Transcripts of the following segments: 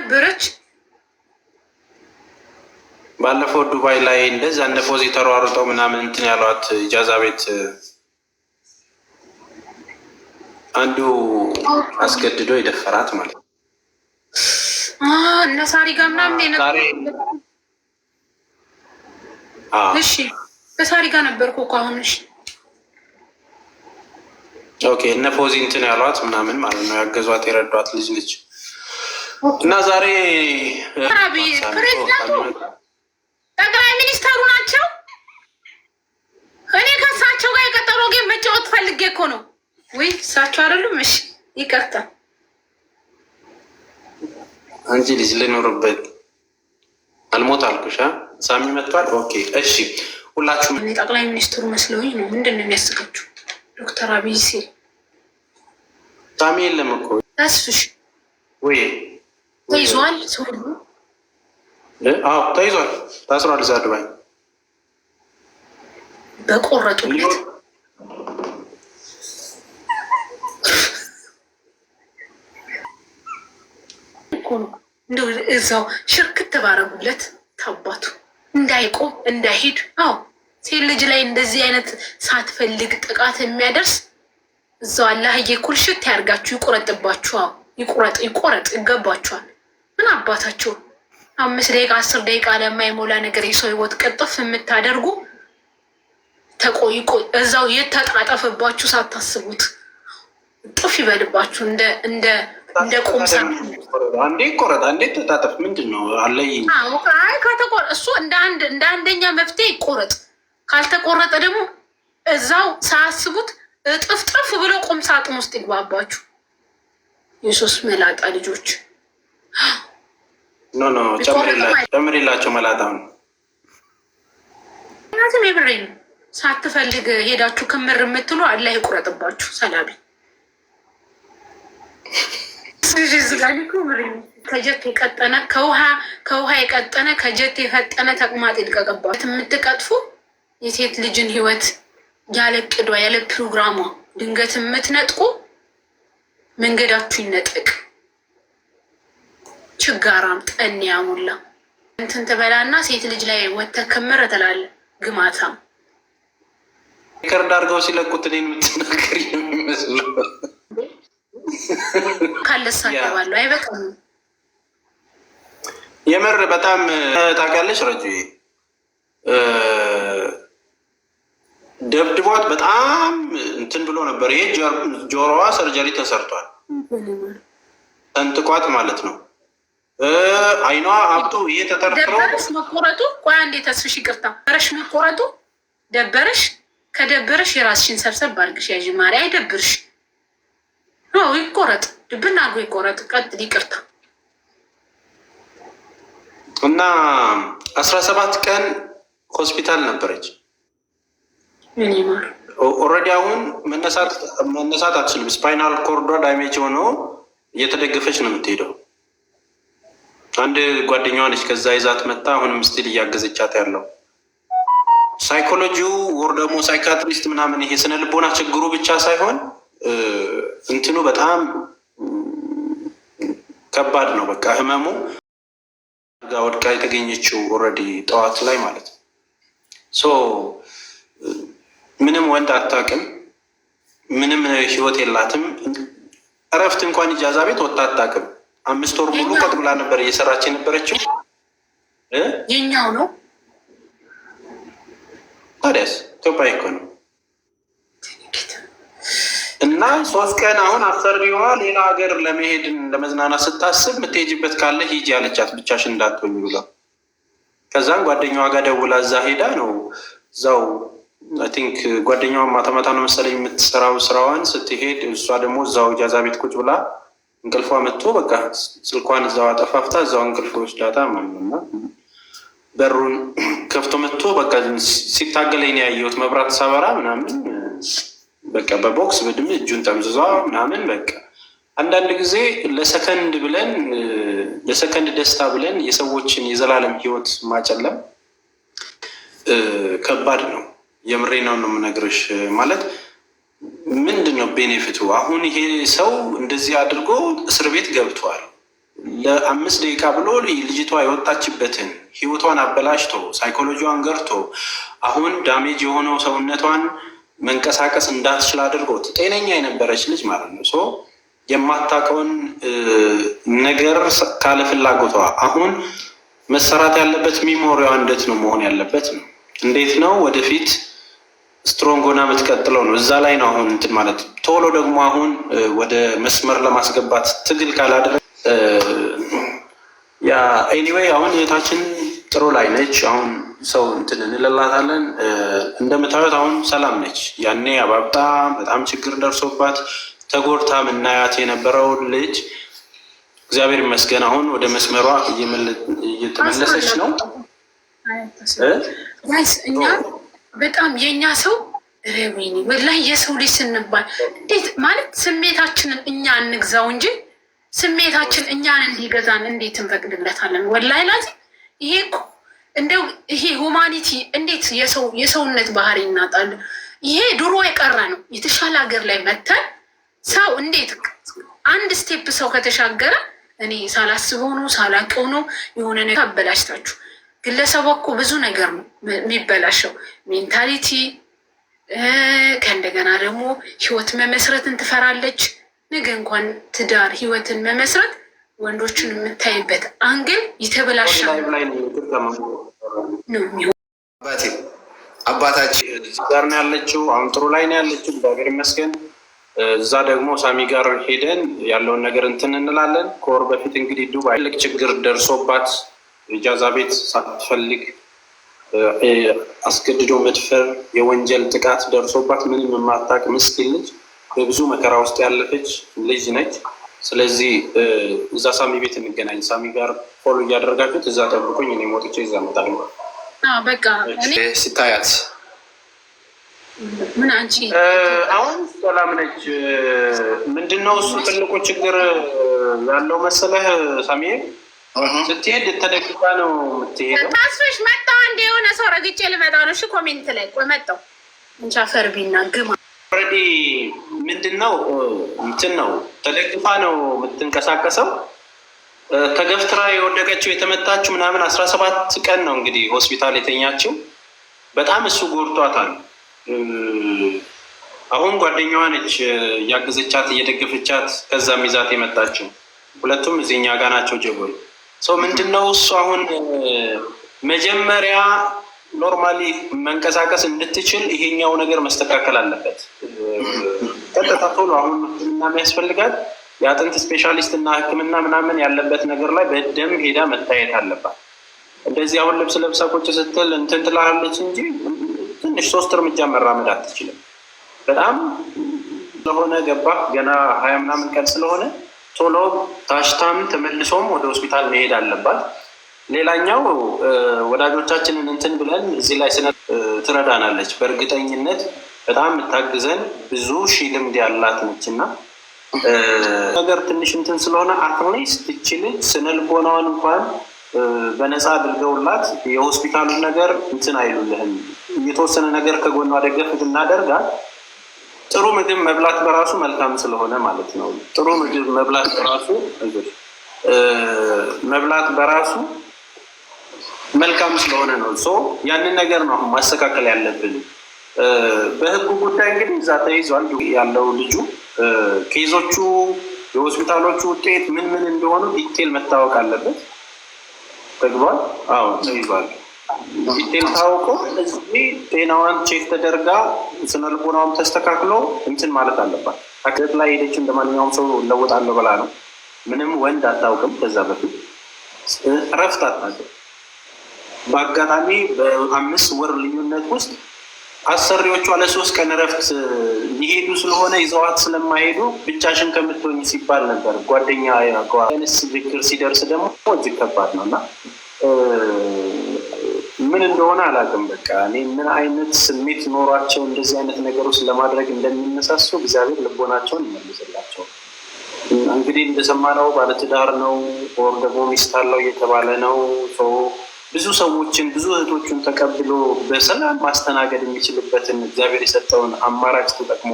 ነበረች። ባለፈው ዱባይ ላይ እንደዛ እንደ ፎዚ ተሯሩጠው ምናምን እንትን ያሏት ኢጃዛ ቤት አንዱ አስገድዶ የደፈራት ማለት ነው። እነ ሳሪ ጋር ምናምን እሺ፣ በሳሪ ጋር ነበርኩ እኮ አሁን። እሺ፣ ኦኬ። እነ ፎዚ እንትን ያሏት ምናምን ማለት ነው። ያገዟት የረዷት ልጅ ልጅ እና ዛሬ ፕሬዚዳንቱ ጠቅላይ ሚኒስተሩ ናቸው። እኔ ከእሳቸው ጋር የቀጠሮ ጌም መጫወት ፈልጌ እኮ ነው። ወይ እሳቸው አይደሉም። እሺ ይቅርታ። አንቺ ልጅ ልኖርበት አልሞት አልኩሽ። ሳሚ መጥቷል። ኦኬ እሺ፣ ሁላችሁም ጠቅላይ ሚኒስትሩ መስለውኝ ነው። ምንድን ነው የሚያስቃችሁ? ዶክተር አብይ ሲል ሳሚ የለም እኮ ተስፍሽ ወይ ተይዟል። አዎ ተይዟል፣ ታስሯል። እዛ ዱባይ በቆረጡለት እንደው እዛው ሽርክት ተባረጉለት ታባቱ እንዳይቆም እንዳይሄድ። አዎ ሴት ልጅ ላይ እንደዚህ አይነት ሳትፈልግ ጥቃት የሚያደርስ እዛው አላህዬ ኩልሽት ያርጋችሁ፣ ይቆረጥባችሁ። አዎ ይቆረጥ ይቆረጥ፣ ይገባችኋል። ምን አባታችሁ አምስት ደቂቃ አስር ደቂቃ ለማይሞላ ነገር የሰው ህይወት ቅጥፍ የምታደርጉ ተቆይቆ እዛው የተጣጠፈባችሁ ሳታስቡት ጥፍ ይበልባችሁ። እንደ እንደ ቁምሳ አንዴ ይቆረጥ አንዴ ተጣጠፍ ምንድን ነው አለይ? አለይኝ። እሱ እንደ አንደኛ መፍትሄ ይቆረጥ። ካልተቆረጠ ደግሞ እዛው ሳያስቡት እጥፍ ጥፍ ብሎ ቁም ሳጥን ውስጥ ይግባባችሁ። የሶስት መላጣ ልጆች ኖ ኖ ጨምሪላቸው መላጣ ነው። ምክንያቱም ነው። ሳትፈልግ ሄዳችሁ ክምር የምትሉ አላህ ይቁረጥባችሁ። ሰላቢ ከጀት የቀጠነ ከውሃ ከውሃ የቀጠነ ከጀት የፈጠነ ተቅማጥ የምትቀጥፉ የሴት ልጅን ህይወት ያለ ያለ ፕሮግራሟ ድንገት የምትነጥቁ መንገዳችሁ ይነጠቅ። ችጋራም ጠን ያሙላ እንትን ትበላና ሴት ልጅ ላይ ወተ ክምር ትላለህ። ግማታም ከር እንዳርገው ሲለቁት እኔን የምትናገር የሚመስለው ካለሳ ገባሉ አይበቃም። የምር በጣም ታውቂያለሽ ረጅ ደብድቧት በጣም እንትን ብሎ ነበር። ይሄ ጆሮዋ ሰርጀሪ ተሰርቷል። ተንጥቋት ማለት ነው አይኗ አብጦ ይሄ ተጠርጥሮ መቆረጡ። ቆይ አንዴ ተስፍሽ፣ ይቅርታ በረሽ መቆረጡ ደበረሽ። ከደበረሽ የራስሽን ሰብሰብ ባርግሽ ያዥ ማሪ አይደብርሽ። ይቆረጥ ድብና አርጎ ይቆረጥ። ቀጥል፣ ይቅርታ እና አስራ ሰባት ቀን ሆስፒታል ነበረች። ኦልሬዲ አሁን መነሳት አትችልም። ስፓይናል ኮርዶ ዳሜጅ ሆነው እየተደገፈች ነው የምትሄደው አንድ ጓደኛዋ ነች። ከዛ ይዛት መጣ። አሁንም ስቲል እያገዘቻት ያለው ሳይኮሎጂው ወር ደግሞ ሳይካትሪስት ምናምን ይሄ ስነ ልቦና ችግሩ ብቻ ሳይሆን እንትኑ በጣም ከባድ ነው። በቃ ህመሙ ጋ ወድቃ የተገኘችው ኦልሬዲ ጠዋት ላይ ማለት ነው። ምንም ወንድ አታውቅም፣ ምንም ህይወት የላትም። እረፍት እንኳን ኢጃዛ ቤት ወጥታ አታውቅም። አምስት ወር ሙሉ ቀጥ ብላ ነበር እየሰራች የነበረችው። የኛው ነው ታዲያስ፣ ኢትዮጵያ እኮ ነው። እና ሶስት ቀን አሁን አሰሪዋ ሌላ ሀገር ለመሄድ ለመዝናናት ስታስብ የምትሄጅበት ካለ ሂጂ ያለቻት ብቻሽ እንዳትሆኝ ብላ። ከዛም ጓደኛዋ ጋር ደውላ እዛ ሄዳ ነው እዛው አይ ቲንክ ጓደኛዋ ማታ ማታ ነው መሰለኝ የምትሰራው ስራዋን ስትሄድ፣ እሷ ደግሞ እዛው ጃዛ ቤት ቁጭ ብላ እንቅልፏ መጥቶ በቃ ስልኳን እዛው አጠፋፍታ እዛው እንቅልፍ ወስዳታ ማለትና በሩን ከፍቶ መጥቶ በቃ ሲታገለኝ ያየሁት መብራት ሰበራ ምናምን በቃ በቦክስ በድም እጁን ጠምዝዟ ምናምን በቃ አንዳንድ ጊዜ ለሰከንድ ብለን ለሰከንድ ደስታ ብለን የሰዎችን የዘላለም ህይወት ማጨለም ከባድ ነው። የምሬናውን ነው የምነግርሽ ማለት ምንድን ነው ቤኔፊቱ? አሁን ይሄ ሰው እንደዚህ አድርጎ እስር ቤት ገብቷል። ለአምስት ደቂቃ ብሎ ልጅቷ የወጣችበትን ህይወቷን አበላሽቶ ሳይኮሎጂዋን ገርቶ አሁን ዳሜጅ የሆነው ሰውነቷን መንቀሳቀስ እንዳትችል አድርጎት ጤነኛ የነበረች ልጅ ማለት ነው የማታውቀውን ነገር ካለ ፍላጎቷ አሁን መሰራት ያለበት ሚሞሪዋ እንዴት ነው መሆን ያለበት ነው እንዴት ነው ወደፊት ስትሮንግ ሆና የምትቀጥለው ነው። እዛ ላይ ነው አሁን እንትን ማለት ነው። ቶሎ ደግሞ አሁን ወደ መስመር ለማስገባት ትግል ካላደረግ ያ ኤኒዌይ አሁን እህታችን ጥሩ ላይ ነች። አሁን ሰው እንትን እንለላታለን። እንደምታዩት አሁን ሰላም ነች። ያኔ አባብጣ በጣም ችግር ደርሶባት ተጎድታ ምናያት የነበረው ልጅ እግዚአብሔር ይመስገን አሁን ወደ መስመሯ እየተመለሰች ነው። በጣም የእኛ ሰው ረቢኒ ወላሂ የሰው ልጅ ስንባል እንዴት ማለት ስሜታችንን እኛ እንግዛው እንጂ ስሜታችን እኛን እንዲገዛን እንዴት እንፈቅድለታለን? ወላሂ ላዚ ይሄ እኮ እንደው ይሄ ሁማኒቲ እንዴት የሰውነት ባህሪ እናጣለን? ይሄ ድሮ የቀረ ነው። የተሻለ ሀገር ላይ መተን ሰው እንዴት አንድ ስቴፕ ሰው ከተሻገረ እኔ ሳላስበው ነው ሳላቀው ነው የሆነ ነገር አበላሽታችሁ ግለሰቧ እኮ ብዙ ነገር ነው የሚበላሸው፣ ሜንታሊቲ ከእንደገና ደግሞ ህይወት መመስረትን ትፈራለች። ነገ እንኳን ትዳር ህይወትን መመስረት ወንዶችን የምታይበት አንግል ይተበላሻል ነው አባታችን ጋር ነው ያለችው፣ አሁን ጥሩ ላይ ነው ያለችው፣ እግዚአብሔር ይመስገን። እዛ ደግሞ ሳሚ ጋር ሄደን ያለውን ነገር እንትን እንላለን። ከወር በፊት እንግዲህ ዱባይ ትልቅ ችግር ደርሶባት ኢጃዛ ቤት ሳትፈልግ አስገድዶ መድፈር፣ የወንጀል ጥቃት ደርሶባት ምንም የማታውቅ ምስኪን ልጅ በብዙ መከራ ውስጥ ያለፈች ልጅ ነች። ስለዚህ እዛ ሳሚ ቤት እንገናኝ። ሳሚ ጋር ፎሎ እያደረጋችሁት እዛ ጠብቁኝ። እኔ ሞጥቼ እዛ መጣል። በቃ ስታያት ምን አንቺ አሁን ሰላም ነች። ምንድነው እሱ ትልቁ ችግር ያለው መሰለህ ሳሚ ስትሄድ ተደግፋ ነው የምትሄደው። ታስፈሽ መጣሁ። የሆነ ሰው ረግጬ ልመጣ ነው። እሺ ኮሜንት ላይ ቆይ መጣሁ። እንቻፈር ቢና ግማ ኦልሬዲ ምንድን ነው እንትን ነው ተደግፋ ነው የምትንቀሳቀሰው። ተገፍትራ የወደቀችው የተመታችው ምናምን አስራ ሰባት ቀን ነው እንግዲህ ሆስፒታል የተኛችው። በጣም እሱ ጎድቷታል። አሁን ጓደኛዋ ነች እያገዘቻት እየደገፈቻት ከዛም ይዛት የመጣችው። ሁለቱም እዚህኛ ጋ ናቸው ጀጎል ሰው ምንድነው እሱ አሁን መጀመሪያ ኖርማሊ መንቀሳቀስ እንድትችል ይሄኛው ነገር መስተካከል አለበት። ቀጥታ ቶሎ አሁን ሕክምና የሚያስፈልጋት የአጥንት ስፔሻሊስት እና ሕክምና ምናምን ያለበት ነገር ላይ በደንብ ሄዳ መታየት አለባት። እንደዚህ አሁን ልብስ ለብሳ ቁጭ ስትል እንትን ትላለች እንጂ ትንሽ ሶስት እርምጃ መራመድ አትችልም። በጣም ስለሆነ ገባ ገና ሀያ ምናምን ቀን ስለሆነ ቶሎ ታሽታም ተመልሶም ወደ ሆስፒታል መሄድ አለባት። ሌላኛው ወዳጆቻችንን እንትን ብለን እዚህ ላይ ስነ ትረዳናለች። በእርግጠኝነት በጣም የምታግዘን ብዙ ሺ ልምድ ያላት ነች እና ነገር ትንሽ እንትን ስለሆነ አትሊስት እቺ ልጅ ስነ ልቦናዋን እንኳን በነፃ አድርገውላት የሆስፒታሉን ነገር እንትን አይሉልህም። የተወሰነ ነገር ከጎኗ ደገፍ እናደርጋል ጥሩ ምግብ መብላት በራሱ መልካም ስለሆነ ማለት ነው። ጥሩ ምግብ መብላት በራሱ መብላት በራሱ መልካም ስለሆነ ነው። ሶ ያንን ነገር ነው አሁን ማስተካከል ያለብን። በህጉ ጉዳይ እንግዲህ እዛ ተይዟል ያለው ልጁ ኬዞቹ የሆስፒታሎቹ ውጤት ምን ምን እንደሆኑ ዲቴል መታወቅ አለበት። ተግባር አዎ ተይዟል። ዲቴል ታውቁ እዚህ ጤናዋን ቼክ ተደርጋ ስነልቦናውም ተስተካክሎ እንትን ማለት አለባት። አክት ላይ ሄደች እንደማንኛውም ሰው ለወጣለሁ ብላ ነው። ምንም ወንድ አታውቅም። ከዛ በፊት እረፍት አታውቅም። በአጋጣሚ በአምስት ወር ልዩነት ውስጥ አሰሪዎቿ ለሶስት ቀን እረፍት ሊሄዱ ስለሆነ ይዘዋት ስለማይሄዱ ብቻሽን ከምትሆኝ ሲባል ነበር። ጓደኛ ጓደንስ ዝክር ሲደርስ ደግሞ እጅግ ከባድ ነው እና ምን እንደሆነ አላውቅም። በቃ እኔ ምን አይነት ስሜት ኖሯቸው እንደዚህ አይነት ነገሮች ለማድረግ እንደሚነሳሱ እግዚአብሔር ልቦናቸውን ይመልስላቸው። እንግዲህ እንደሰማነው ባለትዳር ነው ወር ደግሞ ሚስት አለው እየተባለ ነው። ብዙ ሰዎችን ብዙ እህቶቹን ተቀብሎ በሰላም ማስተናገድ የሚችልበትን እግዚአብሔር የሰጠውን አማራጭ ተጠቅሞ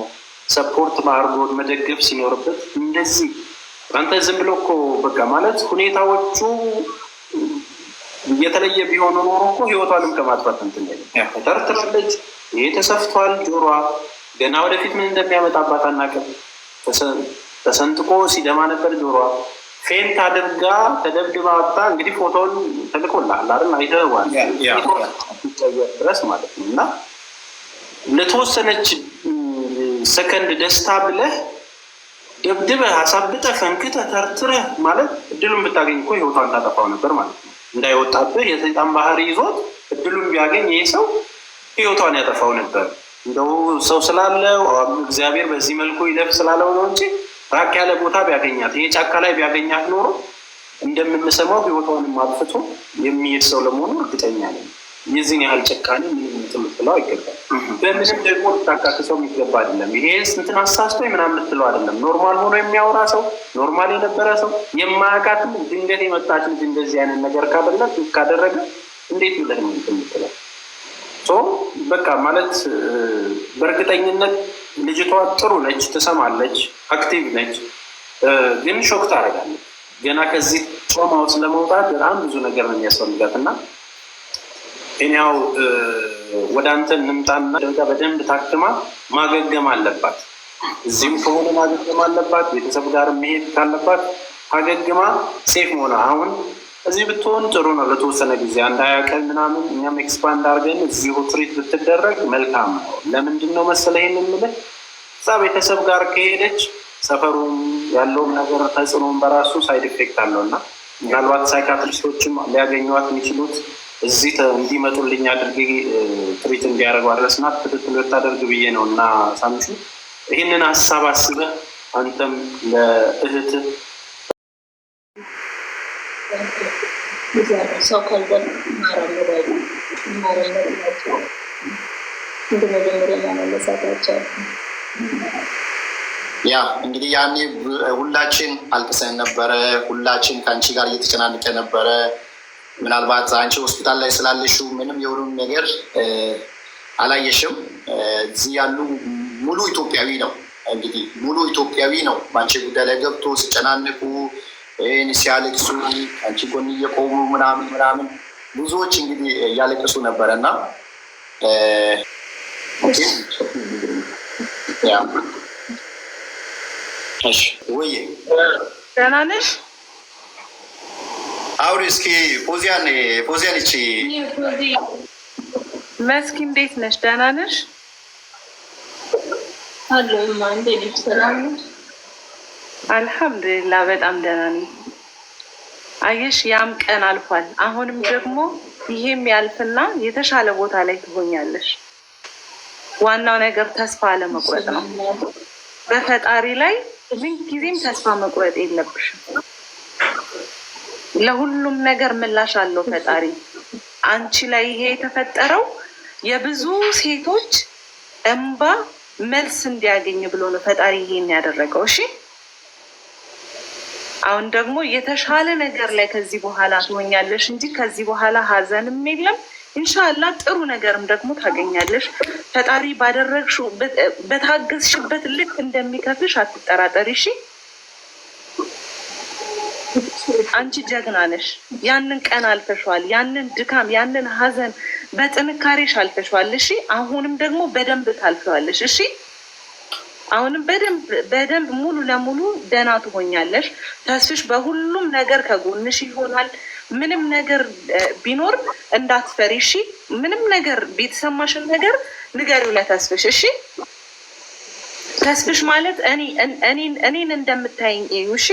ሰፖርት ማርጎ መደገፍ ሲኖርበት እንደዚህ አንተ ዝም ብሎ እኮ በቃ ማለት ሁኔታዎቹ እየተለየ ቢሆኑ ኖሮ እኮ ህይወቷንም ከማጥፋት እንትን ተርትራለች። ይሄ ተሰፍቷል ጆሯ ገና ወደፊት ምን እንደሚያመጣባት አናውቅም። ተሰንጥቆ ሲደማ ነበር ጆሯ። ፌንት አድርጋ ተደብድባ ወጣ። እንግዲህ ፎቶውን ተልኮልሃል አይደል? አይተዋል ድረስ ማለት ነው። እና ለተወሰነች ሰከንድ ደስታ ብለህ ደብድበህ አሳብጠህ ፈንክተህ ተርትረህ ማለት እድሉን ብታገኝ እኮ ህይወቷን ታጠፋው ነበር ማለት ነው። እንዳይወጣብህ የሰይጣን ባህር ይዞት እድሉን ቢያገኝ ይህ ሰው ህይወቷን ያጠፋው ነበር። እንደው ሰው ስላለው እግዚአብሔር በዚህ መልኩ ይለፍ ስላለው ነው እንጂ ራቅ ያለ ቦታ ቢያገኛት ይሄ ጫካ ላይ ቢያገኛት ኖሮ እንደምንሰማው ህይወቷንም አጥፍቶ የሚሄድ ሰው ለመሆኑ እርግጠኛ ነኝ። የዚህን ያህል ጭካኔ ምንም ልትለው አይገባም። በምንም ደግሞ ልታካክሰው የሚገባ አይደለም። ይሄ ስንትን አሳስቶ ምናምን ልትለው አይደለም። ኖርማል ሆኖ የሚያወራ ሰው፣ ኖርማል የነበረ ሰው የማያቃት ድንገት የመጣች ልጅ እንደዚህ አይነት ነገር ካደረገ ካደረገ እንዴት ብለህ ነው የምትለው? በቃ ማለት በእርግጠኝነት ልጅቷ ጥሩ ነች፣ ትሰማለች፣ አክቲቭ ነች፣ ግን ሾክ ታደርጋለች። ገና ከዚህ ጮማ ውስጥ ለመውጣት በጣም ብዙ ነገር ነው የሚያስፈልጋት እና እኔ ያው ወደ አንተ እንምጣና ደረጃ በደንብ ታክማ ማገገም አለባት። እዚህም ከሆነ ማገገም አለባት። ቤተሰብ ጋር መሄድ ካለባት ታገግማ ሴፍ መሆና። አሁን እዚህ ብትሆን ጥሩ ነው። ለተወሰነ ጊዜ አንድ ሀያ ቀን ምናምን እኛም ኤክስፓንድ አድርገን እዚሁ ትሪት ብትደረግ መልካም ነው። ለምንድን ነው መሰለ ይህን የምልህ እዛ ቤተሰብ ጋር ከሄደች ሰፈሩም ያለውም ነገር ተጽዕኖም በራሱ ሳይድ ኢፌክት አለው እና ምናልባት ሳይካትሪስቶችም ሊያገኟት የሚችሉት እዚህ እንዲመጡልኝ አድርጌ ትሪት እንዲያደርጉ አድረስና ክትትል ብታደርግ ብዬ ነው። እና ሳምሹ ይህንን ሀሳብ አስበህ አንተም ለእህት ያ እንግዲህ ያኔ ሁላችን አልቅሰን ነበረ። ሁላችን ከአንቺ ጋር እየተጨናንቀ ነበረ። ምናልባት አንቺ ሆስፒታል ላይ ስላለሽው ምንም የሆኑን ነገር አላየሽም። እዚህ ያሉ ሙሉ ኢትዮጵያዊ ነው እንግዲህ ሙሉ ኢትዮጵያዊ ነው በአንቺ ጉዳይ ላይ ገብቶ ሲጨናንቁ ይህን ሲያለቅሱ አንቺ ጎን እየቆሙ ምናምን ምናምን ብዙዎች እንግዲህ እያለቅሱ ነበረ እና ደህና ነሽ? አሁን እስኪ ፎዚያን ፎዚያን ይቺ መስኪ እንዴት ነሽ? ደህና ነሽ? አለሁማ ነሽ? አልሐምዱሊላ በጣም ደህና ነኝ። አየሽ ያም ቀን አልፏል። አሁንም ደግሞ ይሄም ያልፍና የተሻለ ቦታ ላይ ትሆኛለሽ። ዋናው ነገር ተስፋ አለመቁረጥ ነው። በፈጣሪ ላይ ምን ጊዜም ተስፋ መቁረጥ የለብሽም። ለሁሉም ነገር ምላሽ አለው ፈጣሪ። አንቺ ላይ ይሄ የተፈጠረው የብዙ ሴቶች እንባ መልስ እንዲያገኝ ብሎ ነው ፈጣሪ ይሄን ያደረገው። እሺ አሁን ደግሞ የተሻለ ነገር ላይ ከዚህ በኋላ ትሆኛለሽ እንጂ ከዚህ በኋላ ሀዘንም የለም። እንሻላ ጥሩ ነገርም ደግሞ ታገኛለሽ። ፈጣሪ ባደረግሽው በታገዝሽበት ልክ እንደሚከፍልሽ አትጠራጠሪ። እሺ አንቺ ጀግና ነሽ። ያንን ቀን አልፈሸዋል። ያንን ድካም፣ ያንን ሀዘን በጥንካሬሽ አልፈሸዋል። እሺ፣ አሁንም ደግሞ በደንብ ታልፈዋለሽ። እሺ፣ አሁንም በደንብ በደንብ ሙሉ ለሙሉ ደህና ትሆኛለሽ። ተስፍሽ በሁሉም ነገር ከጎንሽ ይሆናል። ምንም ነገር ቢኖር እንዳትፈሪ። እሺ፣ ምንም ነገር ቤተሰማሽን ነገር ንገሪው ለተስፍሽ። እሺ ተስፍሽ ማለት እኔ እኔን እንደምታይኝ እዩ። እሺ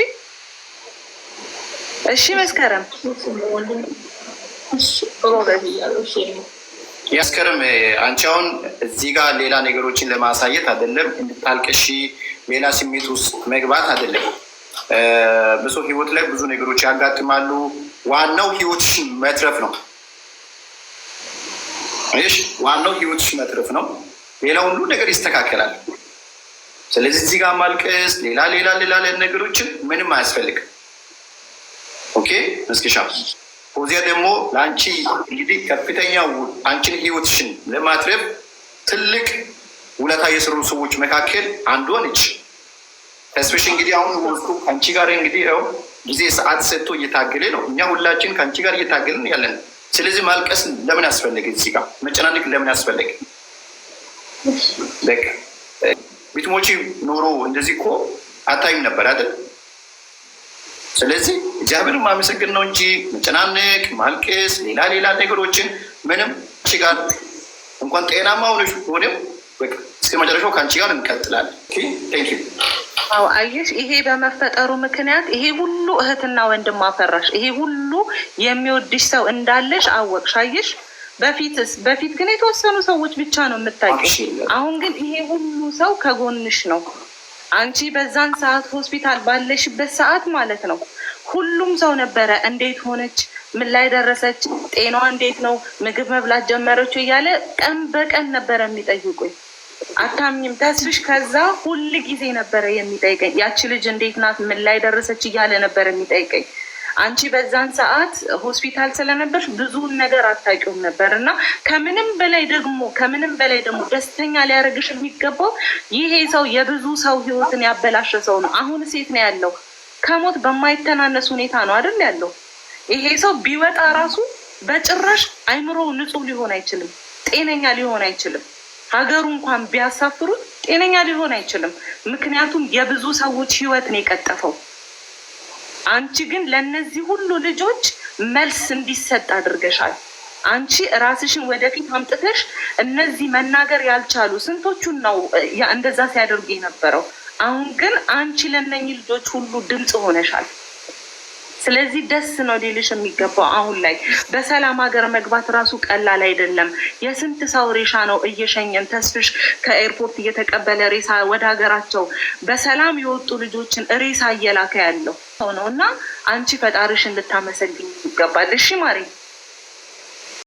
እሺ መስከረም ያስከረም አንቺ አሁን እዚህ ጋር ሌላ ነገሮችን ለማሳየት አይደለም፣ እንድታልቅሺ ሌላ ስሜት ውስጥ መግባት አይደለም። በሰው ህይወት ላይ ብዙ ነገሮች ያጋጥማሉ። ዋናው ህይወትሽን መትረፍ ነው። እሺ ዋናው ህይወትሽ መትረፍ ነው። ሌላ ሁሉ ነገር ይስተካከላል። ስለዚህ እዚህ ጋር ማልቀስ ሌላ ሌላ ሌላ ነገሮችን ምንም አያስፈልግም። መስገሻው ከዚያ ደግሞ ለአንቺ እንግዲህ ከፍተኛ አንቺን ህይወትሽን ለማትረብ ትልቅ ውለታ የሰሩ ሰዎች መካከል አንዷ ነች። ስፔሽ እንግዲህ አሁን ወስዱ ከአንቺ ጋር እንግዲህ ው ጊዜ ሰዓት ሰጥቶ እየታገለ ነው። እኛ ሁላችን ከአንቺ ጋር እየታገልን ያለን። ስለዚህ ማልቀስ ለምን አስፈለገ? እዚህ ጋር መጨናነቅ ለምን አስፈለገ? ቢትሞቺ ኖሮ እንደዚህ እኮ አታይም ነበር አይደል? ስለዚህ እግዚአብሔር ማመሰግን ነው እንጂ መጨናነቅ፣ ማልቀስ፣ ሌላ ሌላ ነገሮችን ምንም አንቺ ጋር እንኳን ጤናማ ሆነሽ ሆነም እስከ መጨረሻው ከአንቺ ጋር እንቀጥላለን። አዎ አየሽ፣ ይሄ በመፈጠሩ ምክንያት ይሄ ሁሉ እህትና ወንድም አፈራሽ፣ ይሄ ሁሉ የሚወድሽ ሰው እንዳለሽ አወቅሽ። አየሽ፣ በፊትስ በፊት ግን የተወሰኑ ሰዎች ብቻ ነው የምታውቂው። አሁን ግን ይሄ ሁሉ ሰው ከጎንሽ ነው። አንቺ በዛን ሰዓት ሆስፒታል ባለሽበት ሰዓት ማለት ነው ሁሉም ሰው ነበረ። እንዴት ሆነች? ምን ላይ ደረሰች? ጤናዋ እንዴት ነው? ምግብ መብላት ጀመረች እያለ ቀን በቀን ነበረ የሚጠይቁኝ። አታምኝም ተስፍሽ? ከዛ ሁል ጊዜ ነበረ የሚጠይቀኝ። ያቺ ልጅ እንዴት ናት? ምን ላይ ደረሰች? እያለ ነበረ የሚጠይቀኝ። አንቺ በዛን ሰዓት ሆስፒታል ስለነበርሽ ብዙውን ነገር አታውቂውም ነበር እና ከምንም በላይ ደግሞ ከምንም በላይ ደግሞ ደስተኛ ሊያደርግሽ የሚገባው ይሄ ሰው የብዙ ሰው ህይወትን ያበላሸ ሰው ነው። አሁን ሴት ነው ያለው ከሞት በማይተናነስ ሁኔታ ነው አይደል ያለው። ይሄ ሰው ቢወጣ ራሱ በጭራሽ አይምሮ ንጹህ ሊሆን አይችልም፣ ጤነኛ ሊሆን አይችልም። ሀገሩ እንኳን ቢያሳፍሩት ጤነኛ ሊሆን አይችልም። ምክንያቱም የብዙ ሰዎች ህይወት ነው የቀጠፈው። አንቺ ግን ለእነዚህ ሁሉ ልጆች መልስ እንዲሰጥ አድርገሻል። አንቺ ራስሽን ወደፊት አምጥተሽ እነዚህ መናገር ያልቻሉ ስንቶቹን ነው እንደዛ ሲያደርጉ የነበረው? አሁን ግን አንቺ ለነኝ ልጆች ሁሉ ድምፅ ሆነሻል። ስለዚህ ደስ ነው ሊልሽ የሚገባው። አሁን ላይ በሰላም ሀገር መግባት ራሱ ቀላል አይደለም። የስንት ሰው ሬሳ ነው እየሸኘን ተስፍሽ ከኤርፖርት እየተቀበለ ሬሳ ወደ ሀገራቸው በሰላም የወጡ ልጆችን ሬሳ እየላከ ያለው ሰው ነው እና አንቺ ፈጣሪሽን ልታመሰግኝ ይገባል። እሺ ማሪ